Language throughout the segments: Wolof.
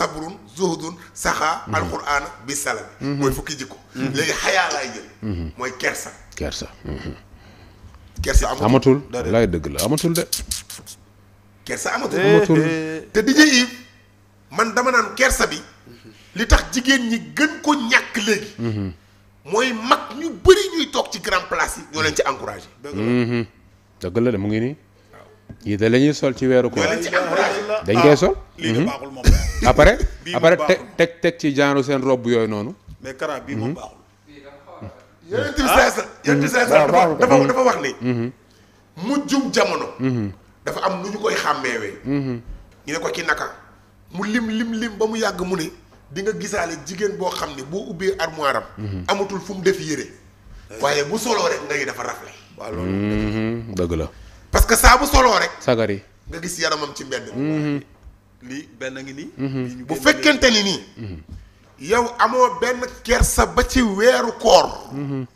sabrun zuhudun saxaa mhm. alquraan bi salami mooy fukki jikko mhm. léegi xayaa laay jël mhm. mooy kersa kersa kersa amatul laay dëgg la amatul de kersa amatul eh, amatul eh, eh. te di jëy man dama naan kersa bi li tax jigéen ñi gën ko ñàkk léegi mooy mag ñu bëri ñuy toog ci grand place yi ñoo leen ci encouragé dëgg la de mu ngi nii yii de lañuy sol ci weeru koor dañ koy sol ah, lii de mhm. teg teg ci genre seen robe yooyu noonu mais kara bii moom mhm. bi sallallahu yonent bi ah. sallallahu dafa mhm. dafa wax ni mujjum jamono dafa am lu ñu koy xàmmeewee ñu ne ko ci naka mu lim lim lim ba mu yàgg mu ne di nga gisaale jigéen boo xam ne boo ubbi armoire am amatul fu mu def yére eh. waaye bu soloo rek ngay dafa rafle waaw loolu la parce que saa bu soloo rek. sagar yi nga gis yaramam ci mbedd. Mm-hmm. lii benn ngi nii. Mm-hmm. bu fekkente ni nii. Mm-hmm. yow amoo benn kersa ba ci weeru koor.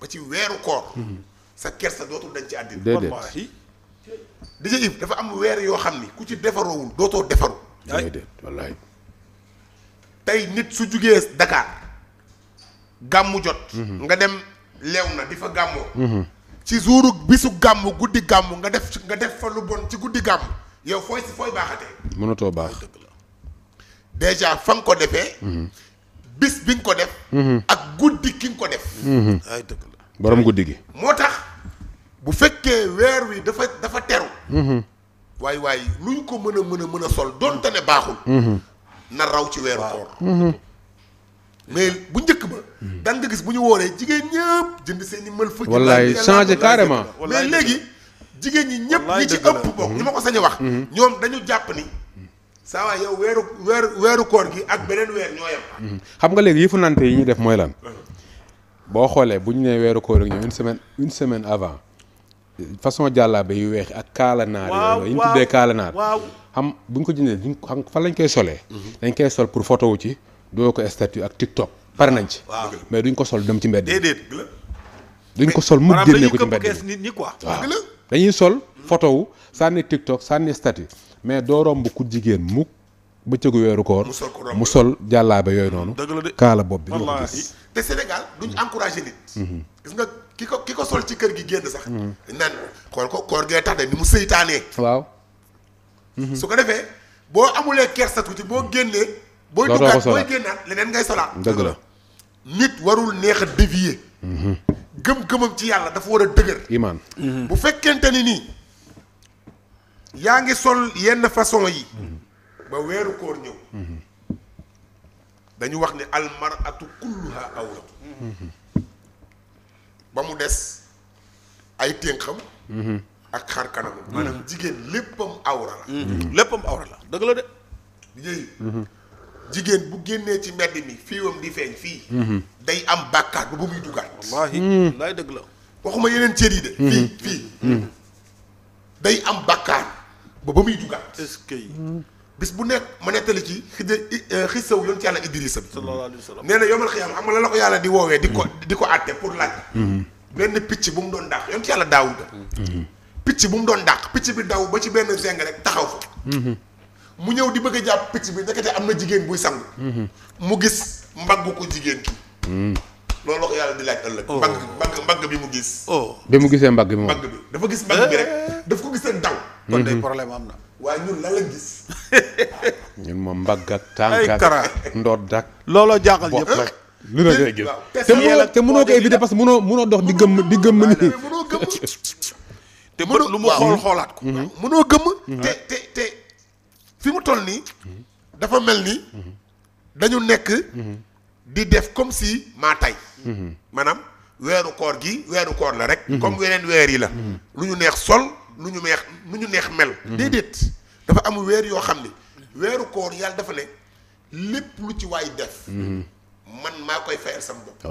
ba ci weeru koor. sa kersa dootul dañ ci àddina. dafa am weer yoo xam ni ku ci defaroowul dootoo defaru. déedéet wallaay. tey nit su jugee Dakar gàmmu jot. nga dem leew na di fa gàmmoo. ci suuru bisu gàmm guddi gàmm nga def nga def fa lu bon ci guddi gàmm yow fooy si fooy baaxatee. mënatoo baax déjà fa nga ko defee. Mhm. bis bi nga ko def. Mhm. ak guddi ki nga ko def. Mhm. ay la borom guddi gi. moo tax bu fekkee weer wi dafa dafa teru. waaye waay luñ ko mën a mën a mën a sol doon ne baaxul. na raw ci weeru koor. mais bu njëkk ba. daan gis bu ñu woolee jigéen ñëpp jënd seen i mël fa. wallaay changé carrément mais léegi jigéen ñi ñëpp ñi ci ëpp bokk. ñu mhm. ma ko sañ a wax. Mhm. ñoom dañu jàpp ni. saa waay yow weeru weeru weeru koor gi ak beneen weer ñoo mhm. xam nga léegi yëfu nante yi ñu def mooy lan. Euh. boo xoolee bu ñu nee weeru koor ak ñoom une semaine une semaine avant façon jàllaabe yu weex ak kaala naar. waaw yi ñu tuddee kaala naar. xam bu ñu ko jëndee duñ xam fan lañ koy solee. dañ sol pour photo wu ci. doo ko statut ak TikTok pare nañ ci. mais duñ ko sol dem ci mbedd. déedéet duñ ko sol mu génnee ko ci mbedd bi nit ñi quoi. waaw dañuy sol photo sànni TikTok sànni statut mais doo romb ku jigéen mukk bëccëgu weeru koor mu sol jàllaabe yooyu noonu. kaala bopp bi nga ko Sénégal duñ mm-hmm. encouragé nit. Mm-hmm. nga ki ko ko sol ci kër gi génn sax. Mm-hmm. dañ naan koor ko koor gee tax de ni mu seytaanee. waaw. su ko defee boo amulee kersatu ci boo génnee. booy duggaat booy génnaat leneen ngay solaat dëgg la nit warul neex a dévier mhm. gëm-gëmam ci yàlla dafa war a dëgër imaan mhm. bu fekkente ni nii yaa ngi sol yenn façon yi ba weeru koor ñëw mhm. dañu wax ni almaratu kulluha awra ba mu des ay ténxam ak xar kanam maanaam jigéen léppam awra la léppam awra la dëgg la de yéyu jigéen bu génnee ci mbedd mi fiiwam di feeñ fii mhm. day am bàkkaar ba bu muy duggaat wallaahi mm. laay dëgg la waxuma yeneen cër yi mm. Mm. day am bàkkaar ba ba muy duggaat est-ce que bis bu nekk ma nettali ci xide xisaw yoon ci yàlla Idrissa bi sallallahu alayhi wa sallam nee na yomal xiyaam xam nga la la ko yàlla di woowee di ko di ko àtte pour laaj mm-hmm. benn picc bu mu doon dàq yoon ci yàlla daawuda mm-hmm. picc bu mu doon dàq picc bi daw ba ci benn zeng rek taxaw fa mm-hmm. mu ñëw di bëgg a jàpp picc bi ndekete am na jigéen buy sangu. Mhm. mu gis mbaggu ko jigéen ki mhm. loolu ko yàlla di laaj ëllëg. Oh. mbagg mbagg bi mu gis. oh mu gisee mbagg bi moom mbagg dafa gis mbagg bi rek eh. daf ko mhm. am na. waaye ñun moom mbagg ak tànk ndoor ndodd ak. looloo jaaxal ñëpp bopp rek. lu la ngay gis te mënoo te parce que mënoo mënoo dox di gëmm di gëmm nii. lu mu xool xoolaat ko. mënoo gëmm. te te te toll nii dafa mel ni dañu nekk di def comme si maa tey maanaam weeru koor gi weeru koor la rek comme weneen weer yi la lu ñu neex sol lu ñu neex lu ñu neex mel déedéet dafa am weer yoo xam ni weeru koor yàlla dafa ne lépp lu ci waay def man maa koy fayal sama bopp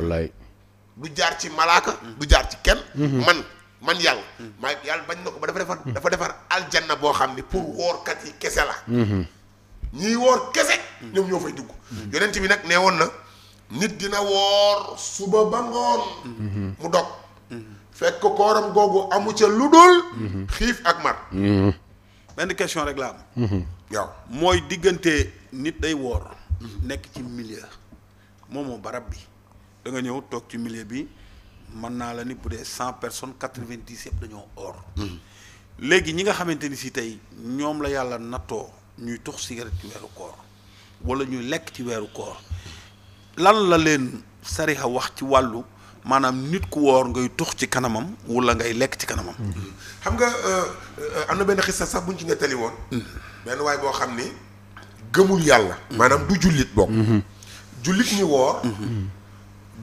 du jaar ci malaaka du jaar ci kenn mhm. man man yàlla. maa yàlla bañ na ko ba dafa defar. dafa defar aljana boo xam ne pour woorkat yi kese la. ñiy woor kese. ñoom ñoo fay dugg. yonent bi nag nee woon na nit dina woor suba ba ngoon. mu dog. fekk kooram googu amu ca lu dul. xiif ak mar. benn question rek laa am. waaw mooy diggante nit day woor. nekk ci milieu moomoo barab bi danga nga ñëw toog ci millier bi. mën naa la ni bu dee cent personnes quatre-vingt-dix yëpp dañoo or. Hmm. léegi ñi nga xamante ni si tey ñoom la yàlla nattoo ñuy tux cigarette ci weeru koor wala ñuy lekk ci weeru koor lan la leen sarixa wax ci wàllu maanaam nit ku woor ngay tux ci kanamam wala ngay lekk ci kanamam. Hmm. xam nga euh, euh, am na benn xisa sax buñ ci nettali woon. Hmm. benn waay boo xam ni gëmul yàlla. maanaam du jullit bokk. jullit ñi woor.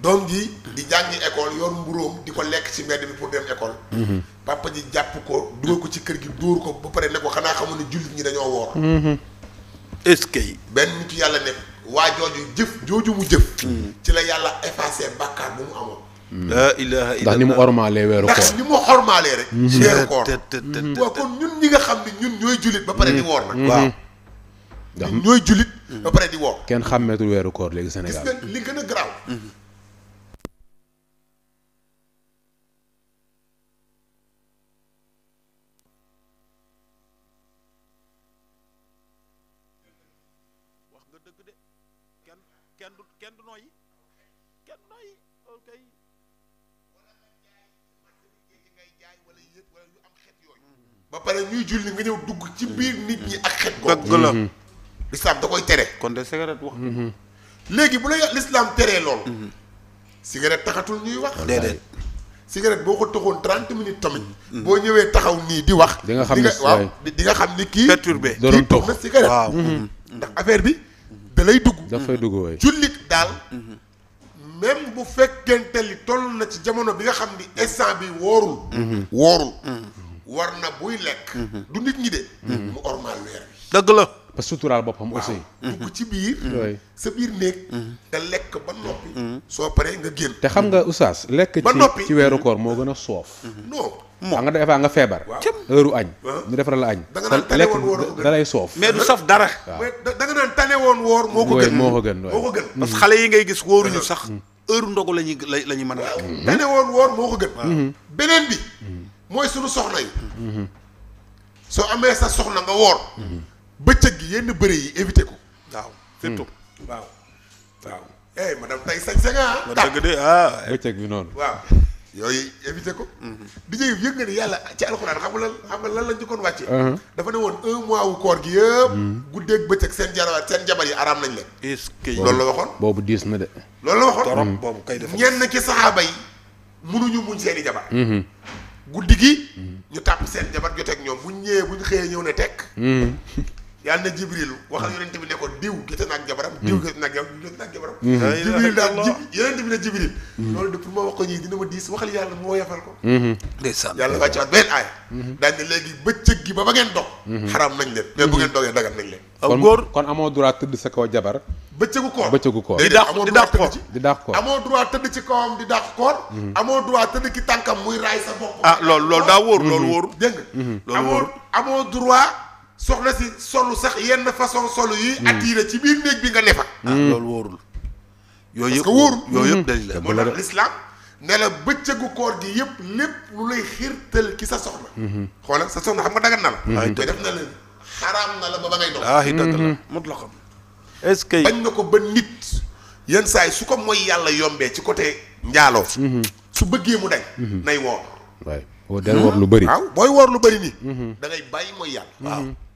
doom ji di jàngi école yor mburóom di ko lekk ci mbedd bi pour dem école mhm. papa ji jàpp ko dugal ko ci kër gi dóor ko ba paree ne ko xanaa xamu ne jullit ñi dañoo woor mhm. est-ce benn yàlla ne waa jooju jëf jooju mu jëf mhm. ci la yàlla effacé bàkkaar bu mu amoon laa ndax ni mu ormaalee weeru koor ndax ni mu ormaalee rek weeru koor kon ñun ñi nga xam ne ñun ñooy jullit ba pare di woor nag waaw ñun ñooy jullit ba pare di woor kenn xàmmeetul weeru koor léegi Sénégal gis nga li gën a garaaw nga dëgg kenn du kenn du noyyi kenn du noyyi wala yi ngay jaay wala am xet yooyu. ba pare ñuy julli nga ñëw dugg ci biir nit ñi ak xet. dëgg la mm-hmm. lislaam da koy tere. kon de cigarette wax. Mm-hmm. léegi bu la lislaam teree loolu. Mm-hmm. cigarette taxatul ñuy wax. déedéet. cigarette boo ko taxoon trente minutes tamit. boo ñëwee taxaw nii di wax. di nga xam ne waaw di nga xam ni kii. perturbé kii tox na waaw ndax affaire bi. te lay dugg. dafay dugg waay jullit daal. même bu fekkente li toll na ci jamono bi nga xam ni instant bi woorul. woorul. war na buy lekk. du nit ñi de. mu ormal weer bi. dëgg la. ba suturaal boppam aussi. dugg ci biir. sa biir néeg. nga lekk ba noppi. Mm-hmm. soo paree nga génn. te xam nga oustaz lekk ci ci weeru koor moo gën a soof. non. moom nga defaa nga feebar. heure añ. ñu defaral la añ. da lekk da da nga naan woon woor. moo ko gën moo mm. xale yi ngay gis wóoruñu mm. sax. Mm. heure la ñuy la ñuy mën a. tane woon woor moo ko gën. Mm-hmm. beneen bi. mooy suñu soxna yi. Mm-hmm. soo amee sa soxla nga woor. Mm-hmm. bëccëg gi yenn bëri yi éviter ko. waaw surtout waaw. waaw eh madame tey sañ ah, ah. bëccëg bi noonu yooyu éviter ko. Mhm. di nga yëg nga ni yàlla ci alxuraan xam nga lan xam nga lan lañ jëkkoon wàcce. Uh-huh. dafa ne woon un mois wu koor gi yëpp. Mm-hmm. guddeeg bëccëg seen jarawaat seen jabar yi araam nañ leen. est-ce loolu la waxoon. boobu diis na de. loolu la waxoon torop boobu kay def ñenn ci saxaaba yi munuñu muñ seen i jabar. Mm-hmm. guddi gi. Mm-hmm. ñu tàpp seen jabar joteeg ñoom buñ ñëwee bu buñ xëyee ñëw ne tekk. yàlla na jibrilu waxal yonent bi ne ko diw gis hmm. na ak jabaram diw gis na ak jabaram gis na ak jabaram jibril daal yonent bi ne jibril hmm. loolu de pour ma wax ko ñii dina ma diis waxal yàlla moo yafal ko hmm. ndeysaan yàlla wàcce waat benn aaya daal ne léegi bëccëg gi ba ba ngeen dog xaraam nañ leen mais bu ngeen dogee dagal nañ leen aw góor kon amoo droit tëdd sa kaw jabar bëccëgu koor bëccëgu koor di dàq di dàq koor di dàq koor amoo droit tëdd ci kawam di dàq koor amoo droit tëdd ki tànkam muy raay sa bopp ah loolu loolu daa wóor loolu wóor dégg nga loolu wóor amoo droit soxna si solu sax yenn façon solu yuy hmm. attiré ci biir néeg bi nga ne fa. Hmm. Ah, loolu wóorul. yooyu yëpp parce que wóorul yooyu yëpp hmm. dalil la moo tax lislaam ne la bëccëgu koor gi yëpp lépp lu lay xiirtal ci sa soxna. xoolal sa soxna xam nga dagan na la. ay def na la xaraam na la ba ba ngay dox. ay ah, dëgg la mutlaqam. est-ce bañ na ko ba nit. yenn saay su ko mooy yàlla yombee ci côté njaaloo. su bëggee mu dañ. nay woor. waay lu bëri. waaw booy woor lu bëri nii. da bàyyi mooy yàlla waaw.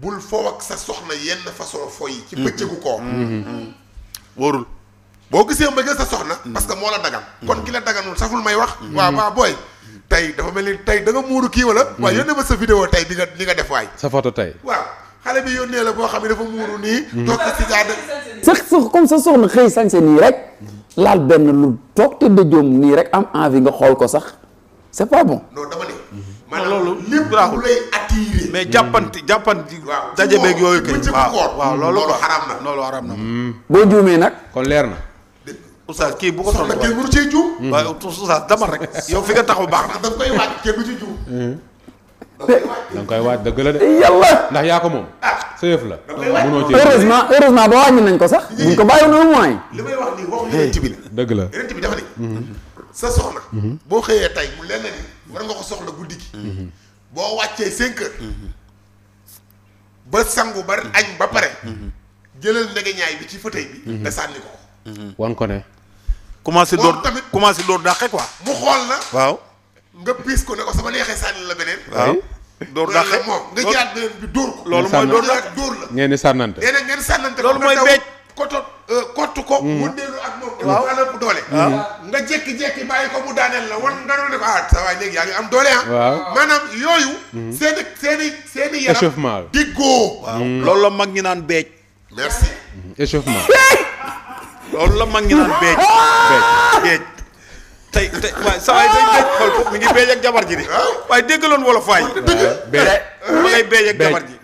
bul foo ak sa soxna yenn façon fo yi ci mhm. bëccëgu koor mhm. mm-hmm. wóorul boo gisee mbëggal sa soxna mm-hmm. parce que moo la dagan mm-hmm. kon ki la daganul saful may wax waaw waa booy tey dafa mel ni tey da nga kii wala waaw yónnee ma sa vidéo tey di nga nga def waay sa photo tey waaw xale bi yónnee la boo xam ne dafa muuru nii toog ci sigaada sax sax comme sa soxna xëy sañse nii rek laal benn lu toog te dëjoom nii rek am envie nga xool ko sax c'est pas bon non dama ne maanaam lépp lu lay attiré. mais jàppanti jàppanti. waaw daje beeg yooyu kay. waaw waaw loolu hmm. nag. kon leer na. oustaz kii bu ko soxla kenn mënu cee juum. Hmm. waaw oustaz yow fi nga taxaw baax na. da nga hmm. koy waaj da nga koy dëgg la de. yàlla ndax yaa ko moom. Ah. sa la. munoo cee heureusement heureusement nañ ko sax. ko bàyyiwoon li may wax nii waxuñu yonent bi dëgg la yonent sa soxna. boo xëyee tey mu lenn nga ko soxla guddi boo wàccee cinq heures ba sangu ba añ ba pare jëlal ndege ñaay bi ci fauteuil bi mhm. nga sànni ko mhm. wan ko ne commencé door tamit commencé door dàqe quoi mu xool na waaw nga piis ko ne ko sama neexee sànni la beneen waaw dóor dàqe moom nga jëlaat beneen bi dóor ko loolu mooy dóor dàqe dóor la ngeen di sànnante ngeen di sànnante loolu mooy beej kotot euh, kot ko. mu mm. dellu ak moom. waaw dafa ëpp doole. Mm. Ah. nga jékki-jékki bàyyi ko mu daaneel la wan nga doon ne ko ah sa waay léegi yaa ngi am doole ah. waaw maanaam yooyu. Mm-hmm. seen i seen i seen i yaram. diggoo. Mm. loolu la mag ñi naan beej. merci mm-hmm. échauffement. loolu la mag ñi naan beej beej. tey tey waaye saa waay tey tey xool ak jabar ji de ah. waaye déggaloon wolof waay. waaw ah, ngay ak jabar ji.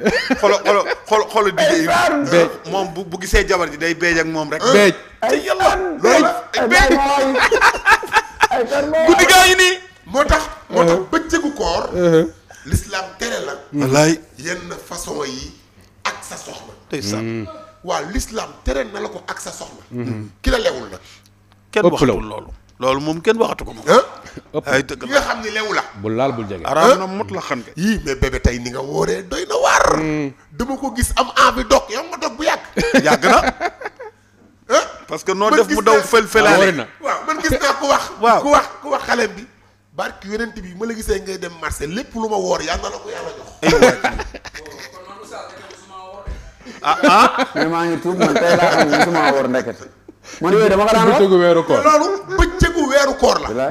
xolo xolo xolo xolo liggéey bi. moom bu bu gisee jabar ji day béy ak moom rek. béy te yàlla nii. moo tax moo tax uh-huh. bëccëgu koor. Uh-huh. l'islam tere la. wallaay yenn façon yi ak sa soxna. tey sax mm. waaw l'islam tere na la ko ak sa soxna. Mm-hmm. ki la lewul nag. kenn waxatul loolu. loolu moom kenn waxatu ko moom. ay dëgg la nga xam ne lewu la. bu laal bul jege. araam na mot la xam nga. yii mais bébé tey ni nga wooree doy na waar. Hmm. dama ko gis am envie dog yow nga bu yàgg. yàgg parce que noo def mu daw fël fëlaale. man gis naa ku bi. barki yonent bi ma la gisee ngay dem marché lépp lu ma woor yàlla na la ko yàlla jox. ah ah. mais maa ngi tuub man tey laa xam ne musuma woor ndeket. man yooyu dama ko daan wax bëccëgu weeru koor loolu bëccëgu weeru koor la.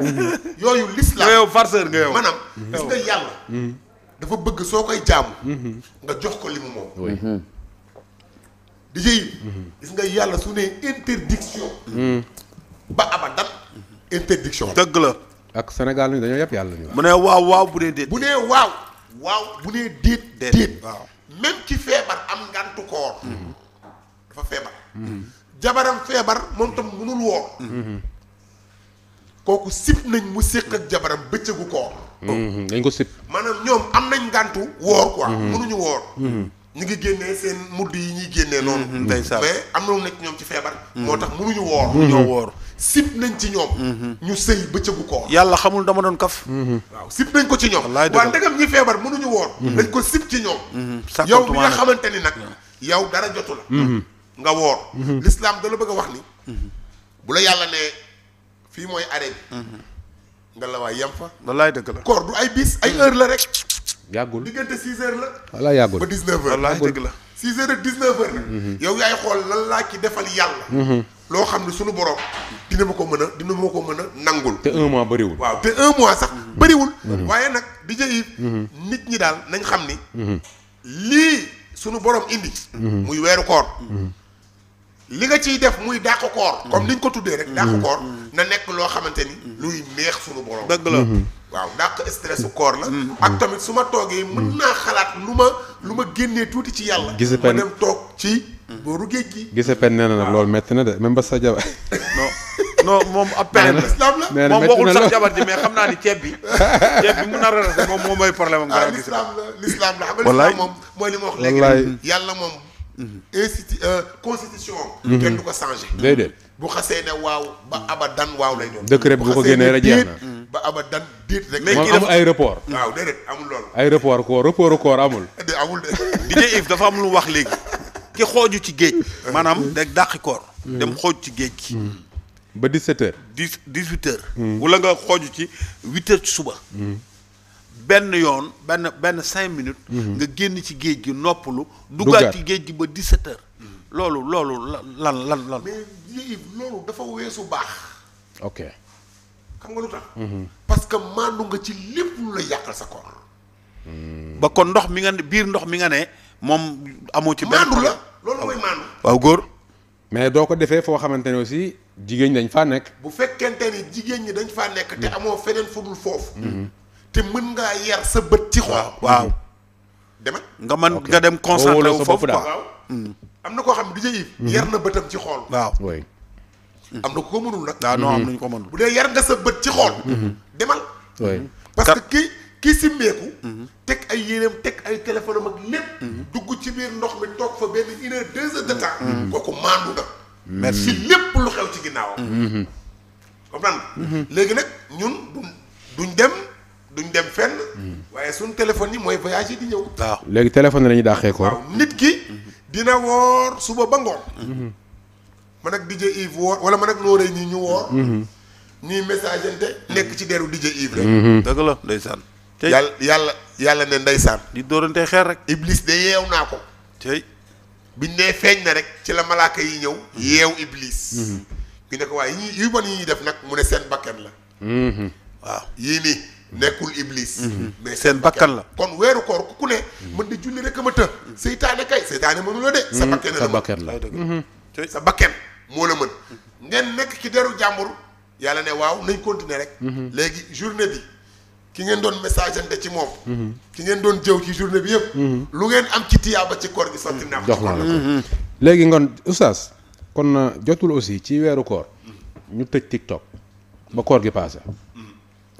yooyu lislaam yow farceur nga yow maanaam. Mm-hmm. gis nga yàlla. Mm-hmm. dafa bëgg soo koy jaamu. Mm-hmm. nga jox ko li mu moom. di jëy. gis nga yàlla su ne interdiction. ba abadan interdiction. dëgg la. ak Sénégal ñu dañoo yëpp yàlla ñu. mu ne waaw waaw bu ne déet. bu ne waaw. waaw bu ne déet. déet waaw même ci feebar am ngantu koor. dafa feebar. jabaram feebar moom tam munul woor kooku sip nañ mu séq ak jabaram bëccëgu koor mhm, dañ ko sip maanaam ñoom am nañ ngàntu woor quoi mhm. mënuñu woor mhm. ñu ngi génnee seen mudd yi ñuy génnee noonu mais am na lu nekk ñoom ci feebar moo tax mënuñu woor ñoo woor sip nañ ci ñoom ñu sëy bëccëgu koor yàlla xamul dama doon kaf waaw sip nañ ko ci ñoom waa ndegam ñi feebar mënuñu woor dañ ko sip ci ñoom yow bi nga xamante ni nag yow dara jotu la nga woor mhm. l'islam da bëgg a wax ni mhm. bu la yàlla ne fii mooy arrêt bi mhm. nga la waay yem fa wallaay dëgg la koor du ay bis ay heure la rek yàggul diggante six heures la wallaay yàggul ba dix la heures dëgg la six heures ak dix neuf heures yow yaay xool lan laa ci defal yàlla loo xam ne suñu borom dina ma ko mën a dina ma ko mën a nangul te un mois bëriwul waaw te un mois sax bëriwul waaye nag di jëyib nit ñi daal nañ xam ni lii suñu borom indi muy weeru koor li nga ciy def muy dàq koor mm. comme niñ ko tuddee rek dàq mm. koor mm. na nekk loo xamante ni luy neex suñu borom dëgg la mm-hmm. waaw dàq stress su koor la ak tamit su ma toogee mën naa xalaat lu ma lu ma génnee tuuti ci yàlla gise pen toog ci booru géej gi gise pen nee na nag loolu métti na de même ba sa jabar non non moom ab pen islam la moom waxul sax jabar ji mais xam naa ni ceeb bi ceeb bi mun na rarate moom moom mooy problème am ah, gis l'islam la moom mooy li ma wax léegi yàlla moom Mm-hmm. institu euh, constitution am. Mm-hmm. kenn du ko changé. déedéet bu xasee ne waaw ba aba abadan waaw lay doon. décret bu ko génnee rek jeex na ba abadan déet rek. léegi amul ay report. Mm-hmm. waaw déedéet amul loolu. ay report ko report koor amul. amul de DJ dafa am wax léegi. ki xooju ci géej. maanaam rek dàqi koor. dem xooj ci géej gi. ba 17h. 10 18h. wala nga xooju ci 8 ci suba. benn yoon benn benn cinq minutes. Mhm. nga génn ci géej gi noppalu. duggaat ci géej gi ba 17 mhm. loolu loolu lan lan lan. mais lii loolu dafa weesu baax. ok. xam nga lu tax. Mhm. parce que maandu nga ci lépp lu la yàqal sa koor. Hmm. ba kon ndox mi nga ne biir ndox mi nga ne moom amoo ci. benn maandu la loolu mooy maandu. waaw góor. mais doo ko defee foo xamante ne aussi jigéen ñi dañ faa nekk. bu fekkente ni jigéen ñi dañ faa nekk. te hmm. amoo feneen fudul foofu. Hmm. te mën ngaa yar sa bët ci xool waaw demal nga man nga dem concentré wu foofu daal waaw am na koo xam ne DJ Yves mhm. yar na bëtam ci xool waaw am na ku ko mënul nag waaw non am mhm. nañu ko mënul bu dee yar nga sa bët ci xool mhm. demal parce que ki kii simmeeku teg ay yéreem teg ay téléphone am ak lépp dugg ci biir ndox mi toog fa benn une heure deux heures de kooku maandu nga lépp lu xew ci ginnaawam comprendre léegi nag ñun duñ dem duñ dem fenn. waaye suñ téléphone yi mooy voyage yi di ñëw. waaw léegi téléphone la ñuy daaxee ko waaw nit ki. dina woor suba ba ngoon. man ak DJ Yves woor wala man ak Nooré ñi ñu woor. ñuy messageante nekk ci deru DJ Yves rek. Mhm. dëgg la ndeysaan. tey yàlla yàlla yàlla ne ndeysaan. di dóorante xeer rek. Iblis de yeew naa ko. tey. biñ nee feeñ na rek ci la malaaka yi ñëw. Mhm. yeew Iblis. ñu mhm. ne ko waaye yu bon yi ñuy def nag mu ne seen bakkan la. waaw yii nii. nekul iblis. Mhm. mais sen bakkan la kon wéru koor ku ne. man mhm. di julli rek a ma të. seytaane kay seytaane mënu mhm. la dé sa bakkan la sa bakkan la sa bakkan mo la mën. ngeen nek ci deru jambour yalla né waw nañ continuer rek. légui journée bi ki ngeen doon message ante ci mom ki ngeen doon jëw ci journée bi yëpp. lu ngeen am ci tiyaba ci koor gi sotti na ko léegi ngon oustaz kon euh, jotul aussi ci wéru koor ñu tëj TikTok ba koor gi passé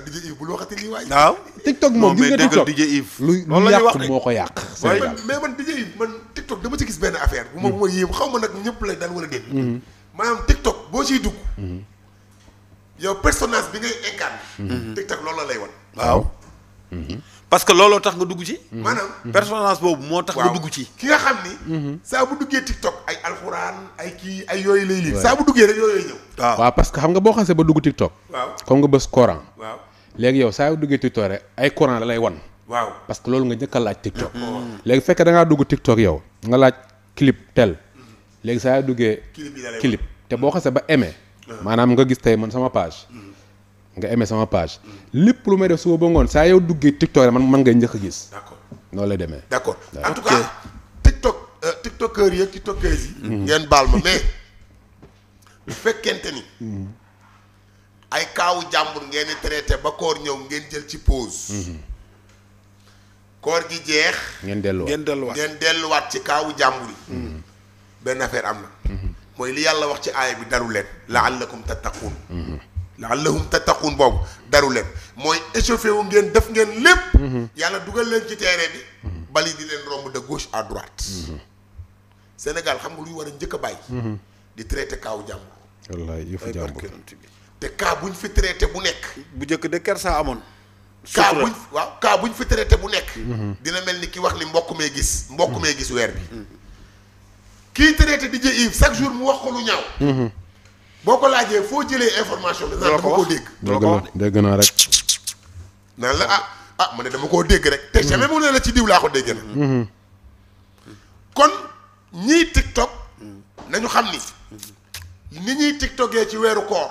DJ Yves bul waxati lii waay. waaw TikTok moom gis nga TikTok DJ Yves. lu yàq moo ko yàq. waaye mais man DJ Yves man TikTok dama ci gis benn affaire. bu ma bu ma yéem xaw ma nag ñëpp lay daan war a dégg. Mm-hmm. maanaam TikTok boo ciy dugg. Mm-hmm. yow personnage bi ngay incarné. Mm-hmm. TikTok lay wan. waaw. parce que looloo tax dugg ci. maanaam personnage boobu moo tax nga dugg ci. ki nga xam ni. saa bu duggee TikTok ay alxuraan ay kii ay yooyu lay lii. saa bu duggee rek yooyu ñëw. waaw parce xam nga boo xasee ba dugg TikTok. waaw comme nga bës Coran. waaw léegi yow saa yoo duggee TikTok rek ay courant la lay wan. waaw parce que loolu nga njëkk a laaj TikTok. léegi fekk fekkee da ngaa dugg TikTok yow nga laaj clip tel léegi saa yoo duggee. clip te boo xasee ba aimé. maanaam nga gis tey man sama page. nga aimé sama page. lépp lu may def suba ba ngoon saa yow duggee TikTok rek man man ngay njëkk a gis. d'accord noonu lay demee. d'accord en tout cas TikTok euh, TikTokers yi ak yi. Mhm. ngeen baal ma mais bu fekkente ni. Mhm. ay kaawu jàmbur ngeen di traité ba koor ñëw ngeen jël ci pause. Mhm. koor gi jeex. ngeen delluwaat ngeen delluwaat ngeen delluwaat ci kaawu jàmbur yi. Mhm. benn affaire am na. Mhm. mooy li yàlla wax ci aaya bi daru leen. laallakum tattaquun. laallahum tattaquun boobu daru leen mooy échauffé wu ngeen def ngeen lépp. yàlla dugal leen ci terrain bi. bali di leen romb de gauche à droite. Sénégal xam nga lu war a njëkk a bàyyi. di traité kaawu jàmbur. wallaay yëfu jàmbur te cas bu ñu fi traité bu nekk. bu njëkk de kersa amoon. cas bu waaw cas bu ñu fi traité bu nekk. Mhm. dina mel ni ki wax ni mbokk mee gis. mbokk mhm. mee gis weer bi. Mhm. kii traité di jë Yves chaque jour mu wax ko lu ñaaw. boo ko laajee foo jëlee information bi. dama ko dégg dama ko wax dégg naa rek. naan la ah ah ma ne dama koo dégg rek. te jamais mu ne la ci diw laa ko dégg na. kon ñii TikTok. nañu xam ni. ni ñuy tiktokee ci weeru koor.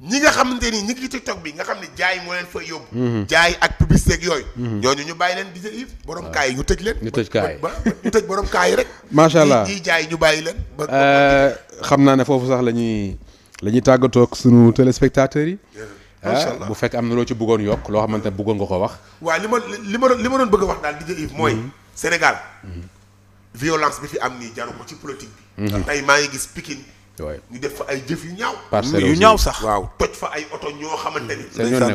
ñi nga xamante ni ñi ngi ci TikTok bi nga xam ne jaay moo leen fa yóbbu. Mhm. jaay ak publicité yooyu. Mhm. ñooñu ñu bàyyi leen di jëf borom kaay ñu tëj leen. ñu tëj kaay ba ñu tëj borom kaay rek. macha allah ñi jaay ñu bàyyi leen. Euh, xam naa ne foofu sax la ñuy la ñuy tàggatoo ak sunu téléspectateurs yi. macha ah, bu fekk am na loo ci bëggoon yokk loo xamante ne bëggoon nga ko wax. waa li ma li ma doon li ma doon bëgg a wax daal di jëf mooy. Mhm. Sénégal. violence bi fi am nii jaru ko ci politique bi. maa ngi gis Pikine ñu def fa ay jëf yu ñaaw. parcelles yu ñaaw sax waaw toj fa ay oto ñoo xamante ni.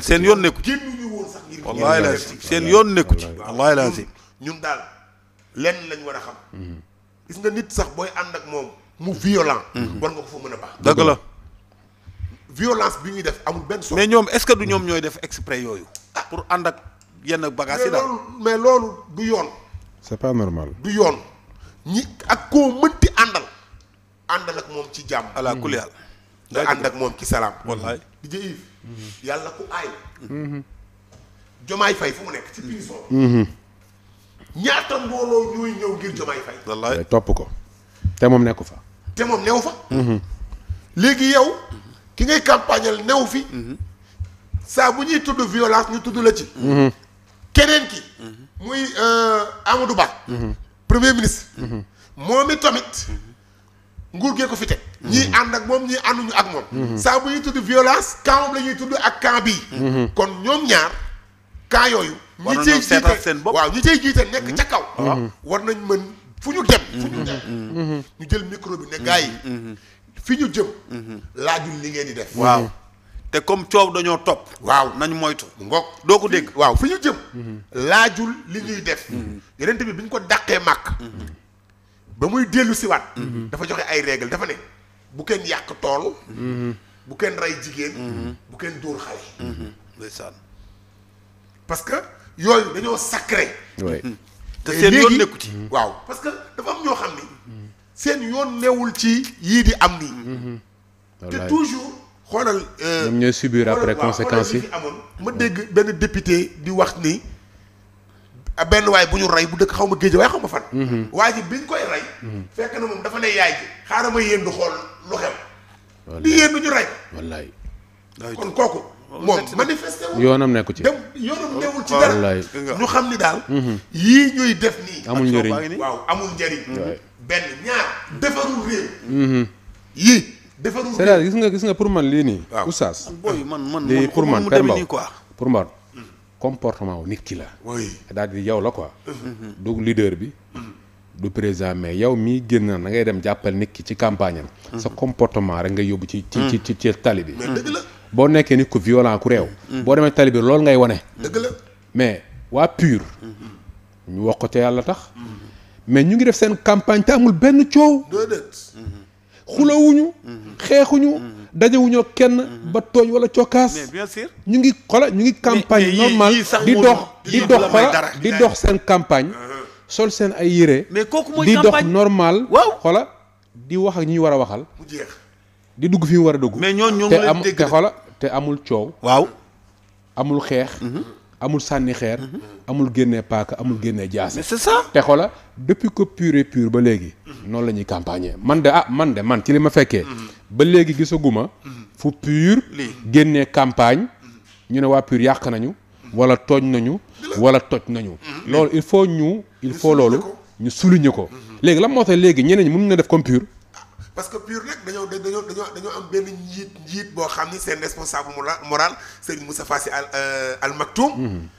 seen yoon nekku ci seen yoon nekku ci. seen yoon nekku ci. wallaahi la ñun daal lenn lañ war a xam. Mm-hmm. gis nga nit sax booy ànd ak moom mu violent. Mm-hmm. war nga ko fa mën a baax. dëgg la. violence bi ñuy def amul benn solo. mais ñoom est-ce que du ñoom ñooy def exprès yooyu. Ah. pour ànd ak yenn bagages yi daal mais loolu du yoon. c'est pas normal. du yoon ñi ak koo mënti àndal. àndal ak moom ci jàmm. ala yàlla. Hmm. nga ànd ak moom ci salaam. wallaay di jëf. Hmm. yàlla ku aay hmm. jomaay fay fu mu nekk ci prison. ñaata mbooloo ñooy ñëw ngir jomaay fay. Eh, topp ko. te moom nekku fa. te moom new fa. léegi yow ki ngay campagnal new fi. saa bu ñuy tudd violence ñu tudd la ci. keneen ki. muy euh, Amadou Ba. premier ministre. moom i tamit. nguur gee ko fi teg. ñii mhm. ànd ak moom ñii ànduñu ak moom. Mhm. saa bu ñuy tudd violence camp moom la ñuy tudd ak camp bii. Mhm. kon ñoom ñaar camp yooyu. ñi cay jiite waaw ñi cay jiite nekk ca kaw. Ah. war nañ mën fu ñu dem. fu ñu dem ñu jël micro bi ne gars yi. fi ñu jëm. laajul li ngeen di def. waaw te comme coow dañoo topp. waaw nañ moytu. ngoog doo ko dégg waaw fi ñu jëm. laajul li ñuy def. yeneen tamit bi ñu ko dàqee màkk. ba muy dellu siwaat mhm. dafa joxe ay règle dafa ne bu kenn yàq tool mhm. bu kenn ray jigéen mhm. bu kenn dóor xale ndeysaan parce que yooyu dañoo sacré te seen yoon nekku ci waaw parce que dafa am ñoo xam ni seen yoon newul ci yii di am ni te toujours xoolal euh, ñoom ñooy subir après conséquences yi amoon ma dégg benn député di wax ni benn waay bu ñu rey bu dëkk xaw ma géej waaye xaw ma fan. Mhm. waa bi biñ koy rey. Mhm. fekk na moom dafa ne yaay ji xaaral ma yéen du xool lu xew. di yéen du ñu rey. wallaay. kon kooku. moom manifesté wu. nekku ci dem xam ni daal. Mhm. yii ñuy def nii. amul njëriñ waaw amul njëriñ. benn ñaar defarul réew. yii defarul réew. cest gis nga gis nga pour man lii nii. waaw oustaz. man man man pour man mu demee nii quoi pour man. comportement wu nit ki la. oui daal di yow la quoi. Mhm. du leader bi. Mhm. du présent mais yow mii génn na ngay dem jàppal nit ki ci campagne am. Mhm. sa comportement rek nga yóbbu ci ci ci ci tali bi. mais dëgg boo nekkee nit ku violent ku réew. boo demee tali bi loolu ngay wane. dëgg la mais waa PUR. ñu wax ko te yàlla tax. mais ñu ngi def seen campagne te amul benn coow. déedéet xulawuñu. xeexuñu. dajewuñoo kenn ba tooñ wala cokkaas. mais ñu ngi xola ñu ngi campagne normal di dox di dox xola di dox seen campagne uh-huh. sol seen ay yére mais kooku di dox normal waaw xola di wax ak ñi ñu war a waxal di dugg fi mu war a dugg mais ñoo ngi te am te xola te amul coow waaw amul xeex mm-hmm. amul sànni xeer mm-hmm. amul génnee paaka amul génnee jaase mais c'est ça te xola depuis que pur et ba léegi mm-hmm. noonu la ñuy campagner man de ah man de man ci li ma fekkee ba léegi gisaguma mhm. fu pur génnee campagne ñu ne wa pur yak nañu wala togn nañu wala togn nañu mhm. lool il faut ñu il faut loolu ñu souligner ko mhm. légui lam moo légui léegi ñeneen ñi na def comme pur ah, parce que pur nak dañu dañu dañu dañoo am benn njiit njiit bo xamni c'est responsable moral Serigne Moustapha Sy al euh, al Maktoum ba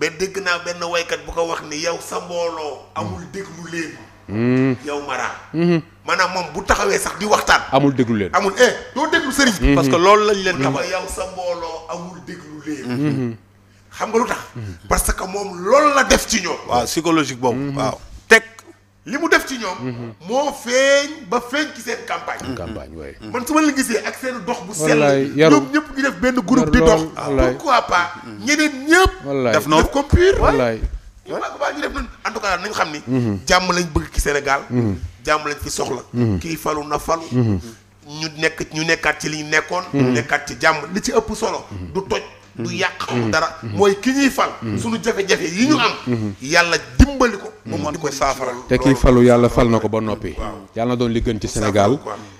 ben dégg naa benn waykat bu ko wax ni yow sa mbooloo amul déglu leen Hmm. yow maraam hmm. maanaam moom bu taxawee sax di waxtaan amul déglu leen amul eh doo déglu sëriñ hmm. parce que loolu lañ leen xamal yow sa mbooloo amul déglu xam nga lu tax parce que moom loolu la def ci ñoom waaw psychologique boobu waaw teg li mu def ci ñoom moo feeñ ba feeñ ci seen campagne campagne waay man su ma la gisee ak seen dox bu sell ñoom ñëpp ngi def benn groupe di dox pourquoi pas ñeneen ñëpp daf noonu daf wallaay ñu baax baax ñu def noonu en tout cas nañu xam ni. Mm-hmm. jàmm lañ bëgg ci Sénégal. Mm-hmm. jàmm lañ fi soxla. Mm-hmm. kii falu na falu. ñu nekk ñu nekkaat ci li nekkoon. ñu nekkaat ci jàmm li ci ëpp solo. du toj du yàq. dara mooy ki ñuy fal. suñu jafe-jafe yi ñu am. yàlla dimbali ko. mu mën ko saafara te kii falu yàlla fal na ko ba noppi. yàlla na doon li gën ci Sénégal.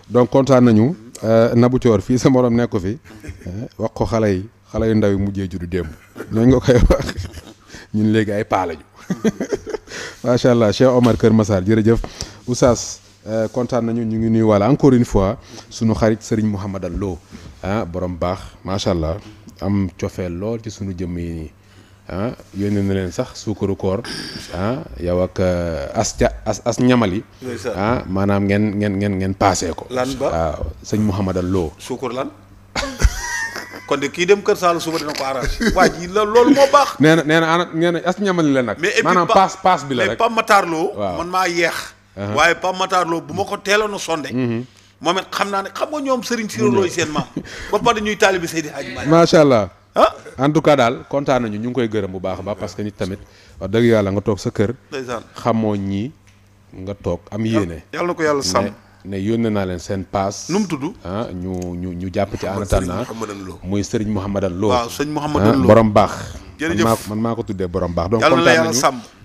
donc kontaan nañu. Euh, Nabou Thior fii sa morom nekk ko fi. Euh, wax ko xale yi xale yu ndaw yi mujjee juddu démb ñooñu nga koy wax. ñun léegi ay paa lañu macha allah Cheikh Omar Kër Massar jërëjëf Oustaz euh, kontaan nañu ñu ngi nuyu walla encore une fois suñu xarit Serigne Mouhamadal Lo ah borom baax macha allah am cofeel lool ci suñu jëmm yi nii ah yónnee na leen sax suukaru koor ah yow ak euh, as ca as as ñamali. ah maanaam ngeen ngeen ngeen ngeen paasee ko. lan ba waaw sëñ Mouhamadal Lo. suukar lan. kon de kii dem Kër Saalum suba dina ko arrangé waa ji la loolu moo baax. nee na nee na ana as ñamali la nag. maanaam paas paas bi la rek mais Pape Matar man maa yeex. Uh-huh. waaye Pape Matar bu ma ko teeloon a sondé. Mm-hmm. moom it xam naa ne xam nga ñoom Serigne Siré Lo seen ma ba pare ñuy taalibi Seydi Hadji Malick. macha allah. ah en tout cas daal kontaan nañu ñu ngi koy gërëm bu baax a baax parce que nit tamit wax dëgg yàlla nga toog sa kër. ndeysaan xamoo ñii nga toog am yéene. yàlla na ko yàlla sàmm ne yónnee naa leen seen paas. nu mu tudd ah, ñu ñu ñu jàpp ci en attendant muy Serigne Mouhamadan Lo. waaw Serigne Mouhamadan ah, Lo borom baax. jërëjëf man maa ko tuddee borom baax. donc kontaan nañu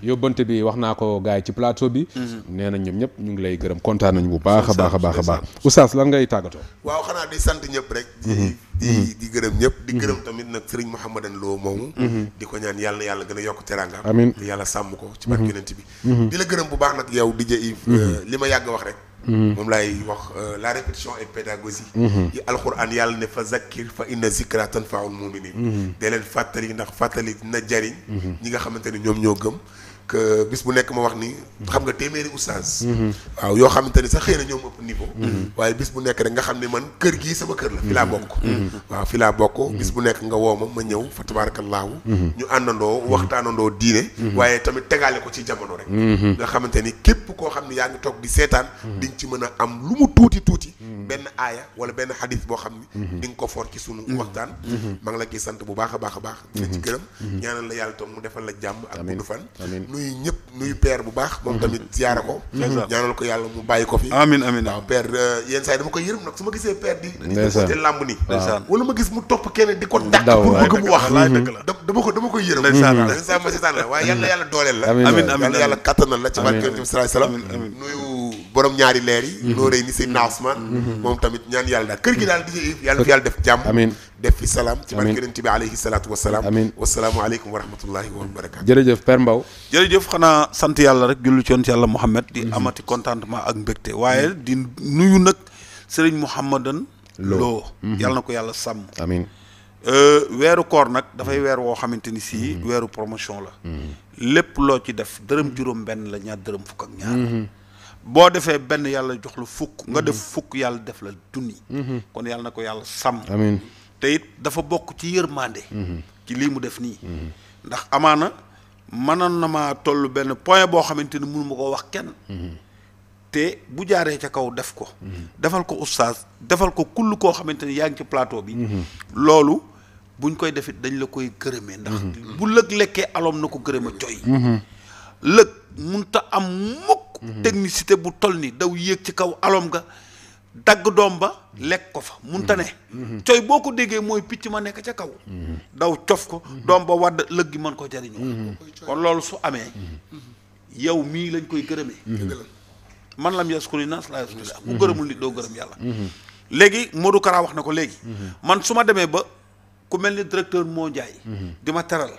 yóbbante bi wax naa ko gars yi ci plateau bi. Mhm. nee na ñoom ñëpp ñu ngi lay gërëm kontaan nañu bu baax a baax a baax a baax. Oustaz lan ngay tàggatoo. waaw xanaa di sant ñëpp rek. Mhm. di mhm. di gërëm ñëpp. di gërëm tamit nag Serigne Mouhamadan Lo moomu. di ko ñaan yàlla na yàlla gën a yokk teraanga. amiin yàlla sàmm ko ci barke yonent bi. la gërëm bu baax nag yow DJ Yves. Euh, li ma yàgg wax rek mom lay wax la répétition est pédagogie yi alcorane yàlla ne fa zakir fa inna zikra tanfaul muminin de len fatali ndax fatali na jariñ ñi nga xamanteni ñom ñoo gëm que euh, bis bu nekk ma wax ni. xam nga téeméeri oustaz. Mhm. waaw yoo xamante ni sax xëy na ñoom ëpp niveau. Mhm. waaye bis bu nekk rek nga xam ne man kër gi sama kër la. fi laa mhm. bokk. waaw fi laa bokk. bis bu nekk nga woo ma ma ñëw fa tabaarakallaahu ñu àndandoo waxtaanandoo diine. waaye tamit tegaale ko ci jamono rek. nga xamante ni képp koo xam ne yaa ngi toog di seetaan. di nga ci mën a am lu mu tuuti tuuti. benn aaya wala benn xadis boo xam ni. di nga ko for ci sunu waxtaan. maa ngi la sant bu baax a baax a baax. dina ci gërëm. ñaanal la mu defal la jàmm ak gudd nuyu ñëpp nuyu père bu baax. moom tamit mhm. ziyaara ko. ñaanal ko yàlla mu bàyyi ko fi. amiin amiin waaw père euh, yenn saa yi dama koy yërëm nag su ma gisee père di. ndeysaan di làmb nii. wala ma gis mu topp kenn di la waaye yàlla yàlla dooleel la. amiin amiin yàlla yàlla kattanal la ci barke Yonent bi nuyu borom ñaari leer yi. noo mhm. rëy ni Seydina Ousmane mhm. moom tamit ñaan yàlla daal kër gi daal di yàlla yàlla def jàmm def fi salaam ci barke yonent bi alayhi salaatu wa salaam amiin wasalaamu aleykum wa rahmatullahi jërëjëf Père Mbaw jërëjëf xanaa sant yàlla rek jullu ci yonent yàlla Mouhamed di mhm. amati contentement ak mbégte waaye di nuyu nag sëriñ Mouhamadan Lo mhm. yàlla na ko yàlla sàmm euh, weeru koor nag dafay mhm. weer woo xamante ni sii weeru promotion la lépp loo ci def dërëm juróom benn la ñaar dërëm fukk ak ñaar boo defee benn yàlla jox lu fukk nga def fukk yàlla def la junni kon yàlla na ko yàlla sàmm amiin te it dafa bokk ci yërmande. Mhm. ci lii mu def nii. Mhm. ndax amaana mënoon na ma toll benn point boo xamante ni mënu ma ko wax kenn. Mhm. te bu jaaree ca kaw def ko. defal ko oustaz defal ko kull koo xamante ni yaa ngi ci plateau bi. loolu buñ koy defit dañ la koy gërëmee. ndax bu lëg lekkee aloom na ko gërëma coy. lëg munta am mukk. technicité bu toll ni daw yéeg ci kaw aloom ga. dagg doom ba lekk ko fa munta ne mm-hmm. mm-hmm. coy boo ko déggee mooy picc ma nekk ca kaw mm-hmm. daw cof ko doom ba wadd lëg gi mën ko jariñoo kon loolu su amee yow mii lañ koy gërëmee man lam yaskuri naas laa yaskuri gërëmul nit doo gërëm yàlla léegi Modou Kara wax na ko léegi man su ma demee ba ku mel ni directeur moo njaay di ma teral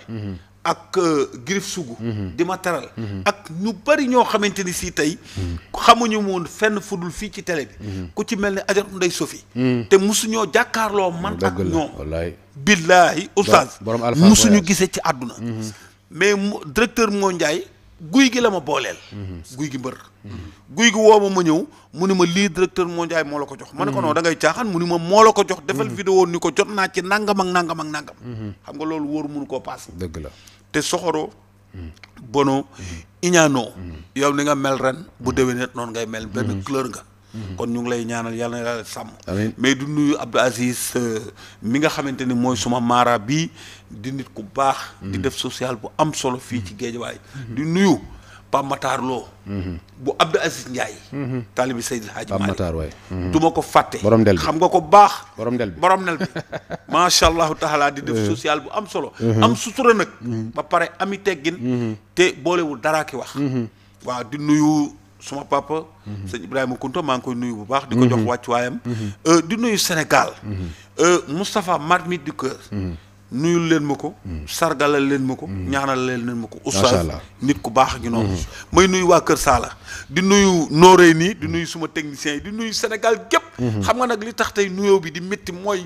ak euh, Griff Sougou mhm. di ma taral mhm. ak ñu bari ñoo xamante ni si tey mhm. xamuñu woon fenn fudul fii ci tele bi ku ci mel ni ajaratu Ndeye Sophie te musuñoo jàkkaarloo man ak ñoom billaahi oustaz musuñu gisee ci àdduna mais directeur moo Ndiaye guy gi la ma booleel guy gi mbër guy gi woo ma ma ñëw mu ni ma lii directeur moo Ndiaye moo la ko jox ma ne ko non da ngay caaxaan mu ni ma moo la ko jox defal vidéo ni ko jot naa ci nangam ak nangam ak nangam xam nga loolu wóoru mënu koo paase dëgg la te soxoro bono iñaanoo yow ni nga mel ren bu déwénee noonu ngay mel benn couleur nga kon ñu ngi lay ñaanal yàlla na yàlla sàmm mais du nuyu Abdou Aziz euh, mi nga xamante ni mooy suma maara bii di nit ku baax di mm. def social bu am solo fii ci géejawaay di nuyu Pape Matar Lo. bu Abdou Aziz Ndiaye. Mhm. taalibi Seydil Hadji Malick Pape mhm. ko fàtte. borom del bi xam nga ko baax. borom del bi borom del macha allahu taala di def eh. social bu am solo. Mhm. am sutura nag. ba pare ami teggin. te boolewul daraa ki wax. waaw di nuyu suma papa. sëñ Ibrahima Kounta maa ngi koy nuyu bu baax. di ko jox wàccuwaayam. Euh, di nuyu Sénégal. Euh, Moustapha Marmite du Cœur. nuyul leen ma ko. Hmm. sargalal leen ma ko. Hmm. ñaanal leen ma ko. oustaz nit ku baax gi noonu. Hmm. may nuyu waa Kër Saala. di nuyu nooree nii di nuyu suma technicien yi di nuyu Sénégal gépp xam nga nag li tax tey nuyo bi di métti mooy.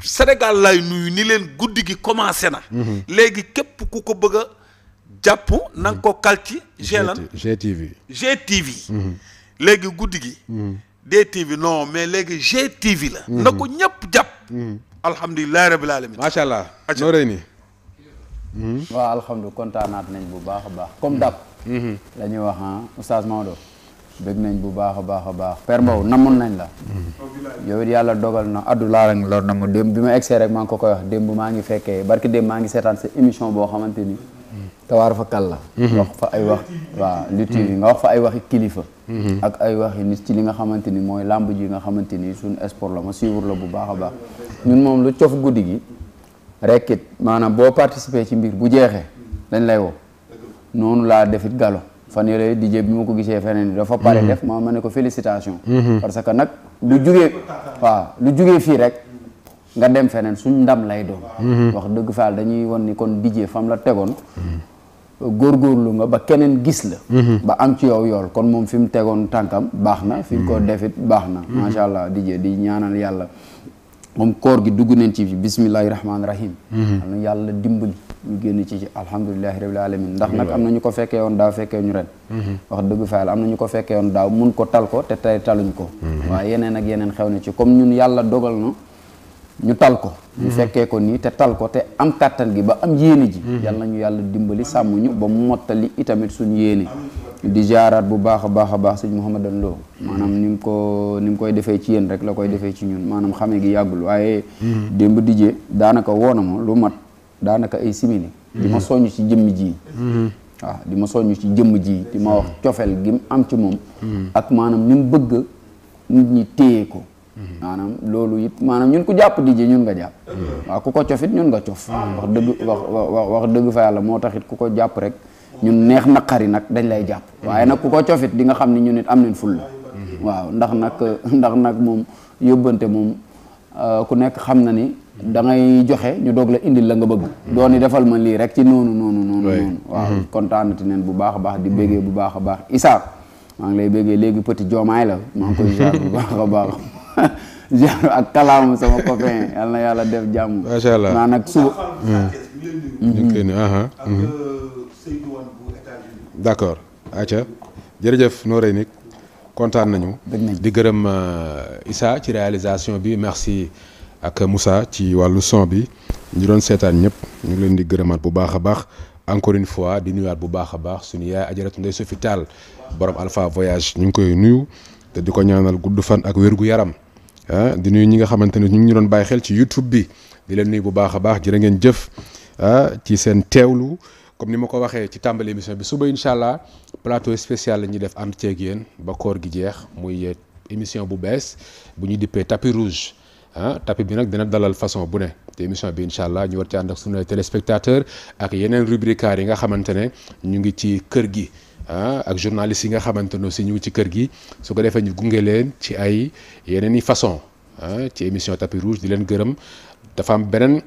Sénégal laay nuyu ni leen guddi gi commencé na. léegi képp ku ko bëgg jàpp na nga ko kal ci. GLAN GTV GTV. léegi guddi gi. DTV non mais léegi GTV la. na ko ñëpp jàpp. alhamdulilah rabil alamin macha allah noo rëy nii hmm? Hmm? waaw alhamdulilah kontaanaat nañ bu baax a baax comme dab hmm. la ñuy wax ah oustaz Maodo bëgg nañ bu baax a baax a baax Père Mbow namoon nañ la yow yàlla dogal na addu laara nga la namu démb bi ma egsee rek maa ngi ko koy wax démb maa ngi fekkee barki démb maa ngi seetaan sa émission boo xamante ni tawaar fa kal la wax fa ay wax waaw lu TV nga wax fa ay waxi kilifa ak ay waxi nit ci li nga xamante ni mooy làmb ji nga xamante ni suñu sport la ma suivre la bu baax a baax ñun moom lu cof guddi gi rek it maanaam boo participer ci mbir bu jeexee dañ lay woo noonu laa defit galo fan yële DJ bi ma ko gisee feneen dafa pare mhm. def ma ma ne ko félicitation mhm. parce que nag lu jugee waaw lu jugee fii rek nga dem feneen suñ ndam lay doon mhm. wax dëgg faal dañuy won ni kon DJ fam la tegoon góorgóorlu nga ba keneen gis la. Mhm. ba am ci yow yool kon moom fi mu tegoon tànkam baax na. fi mu ko mhm. defit baax na. Mhm. macha allah di je di ñaanal yàlla moom koor gi dugg nañ ci bismillahi rahmaani rahim. am na yàlla dimbali. ñu génn ci ci alhamdulilahi rabil alamin ndax nag am na ñu ko fekkee woon daaw fekkee ñu ren wax dëgg fa am na ñu ko fekkee woon daaw mun ko tal ko te tey taluñ ko waaye yeneen ak yeneen xew na ci comme ñun yàlla dogal na ñu tal ko ñu mhm. fekkee ko nii te tal ko te am kàttan gi ba am yéene ji mhm. yal nañu yàlla dimbali sàmm ñu ba mottali itamit suñ yéene di jaaraat bu baax a baax a baax sëñ Mouhamadan Lo maanaam ni mu ko ni mu koy defee ci yéen rek la koy defee ci ñun maanaam xamee gi yàggul waaye mhm. démb dijee daanaka woona ma lu mat daanaka ay simili di ma soññ ci jëmm ji waaw di ma soññ ci jëmm ji di ma wax cofel gi mu am ci moom ak maanaam ni bëgg nit ñi téye ko maanaam loolu it maanaam ñun ku jàpp di ji ñun nga jàpp waaw ku ko cofit ñun nga cof mm. wax dëgg wax wax dëgg fa yàlla moo taxit ku ko jàpp rek ñun neex naqari nag dañ lay jàpp mm. waaye nag ku ko cofit di nga xam ni ñu it am nañ ful la mm. waaw ndax nag ndax nag moom yóbbante moom euh, ku nekk xam na ni da joxe ñu doog la indil la nga bëgg dooni defal ma lii rek ci noonu noonu noonu noonu waaw mm-hmm. kontaanati neen bu baax a baax di mm-hmm. béggee bu baax a baax Issa maa ngi lay béggee léegi petit joomaay la maa ngi koy ak kalaam sama copain yal na yàlla def jàmm. macha allah naa nag suba. ñu koy nuyu ak Seydouane bu états nañu. di euh, ci réalisation bi merci ak Moussa ci wàllu son bi ñu doon seetaan ñëpp ñu leen di gërëmaat bu baax a baax. encore une fois di bu baax suñu yaay borom Alpha Voyage ñu ngi koy nuyu te di ñaanal fan ak yaram. ah di nuyu ñi nga xamante ne ñu ngi ñu doon bàyyi xel ci YouTube bi di leen nuyu bu baax a baax jërë ngeen jëf ah ci seen teewlu comme ni ma ko waxee ci tàmbali émission bi suba incha allah plateau spécial la ñuy def ànd ceeg yéen ba koor gi jeex muy eh, émission bu bees bu ñu dippee tapis rouge. ah bi nag dina dalal façon bu ne te émission bi incha allah ñu war ci ànd su sunu téléspectateur ak yeneen rubricaires yi nga xamante ne ñu ngi ci kër gi. ah ak journalistes yi nga ne ñu ci kër gi su ko ñu gungé ci ay ah, ci émission tapis rouge di dafa am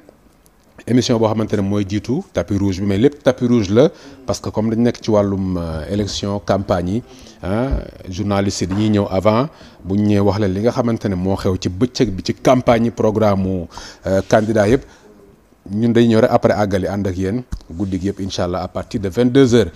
émission rouge mais lépp tapis rouge la parce que comme dañ ci euh, élection campagne hein journalistes yi ah, avant bu wax li nga xew campagne programme euh, candidat après ak à partir de 22h.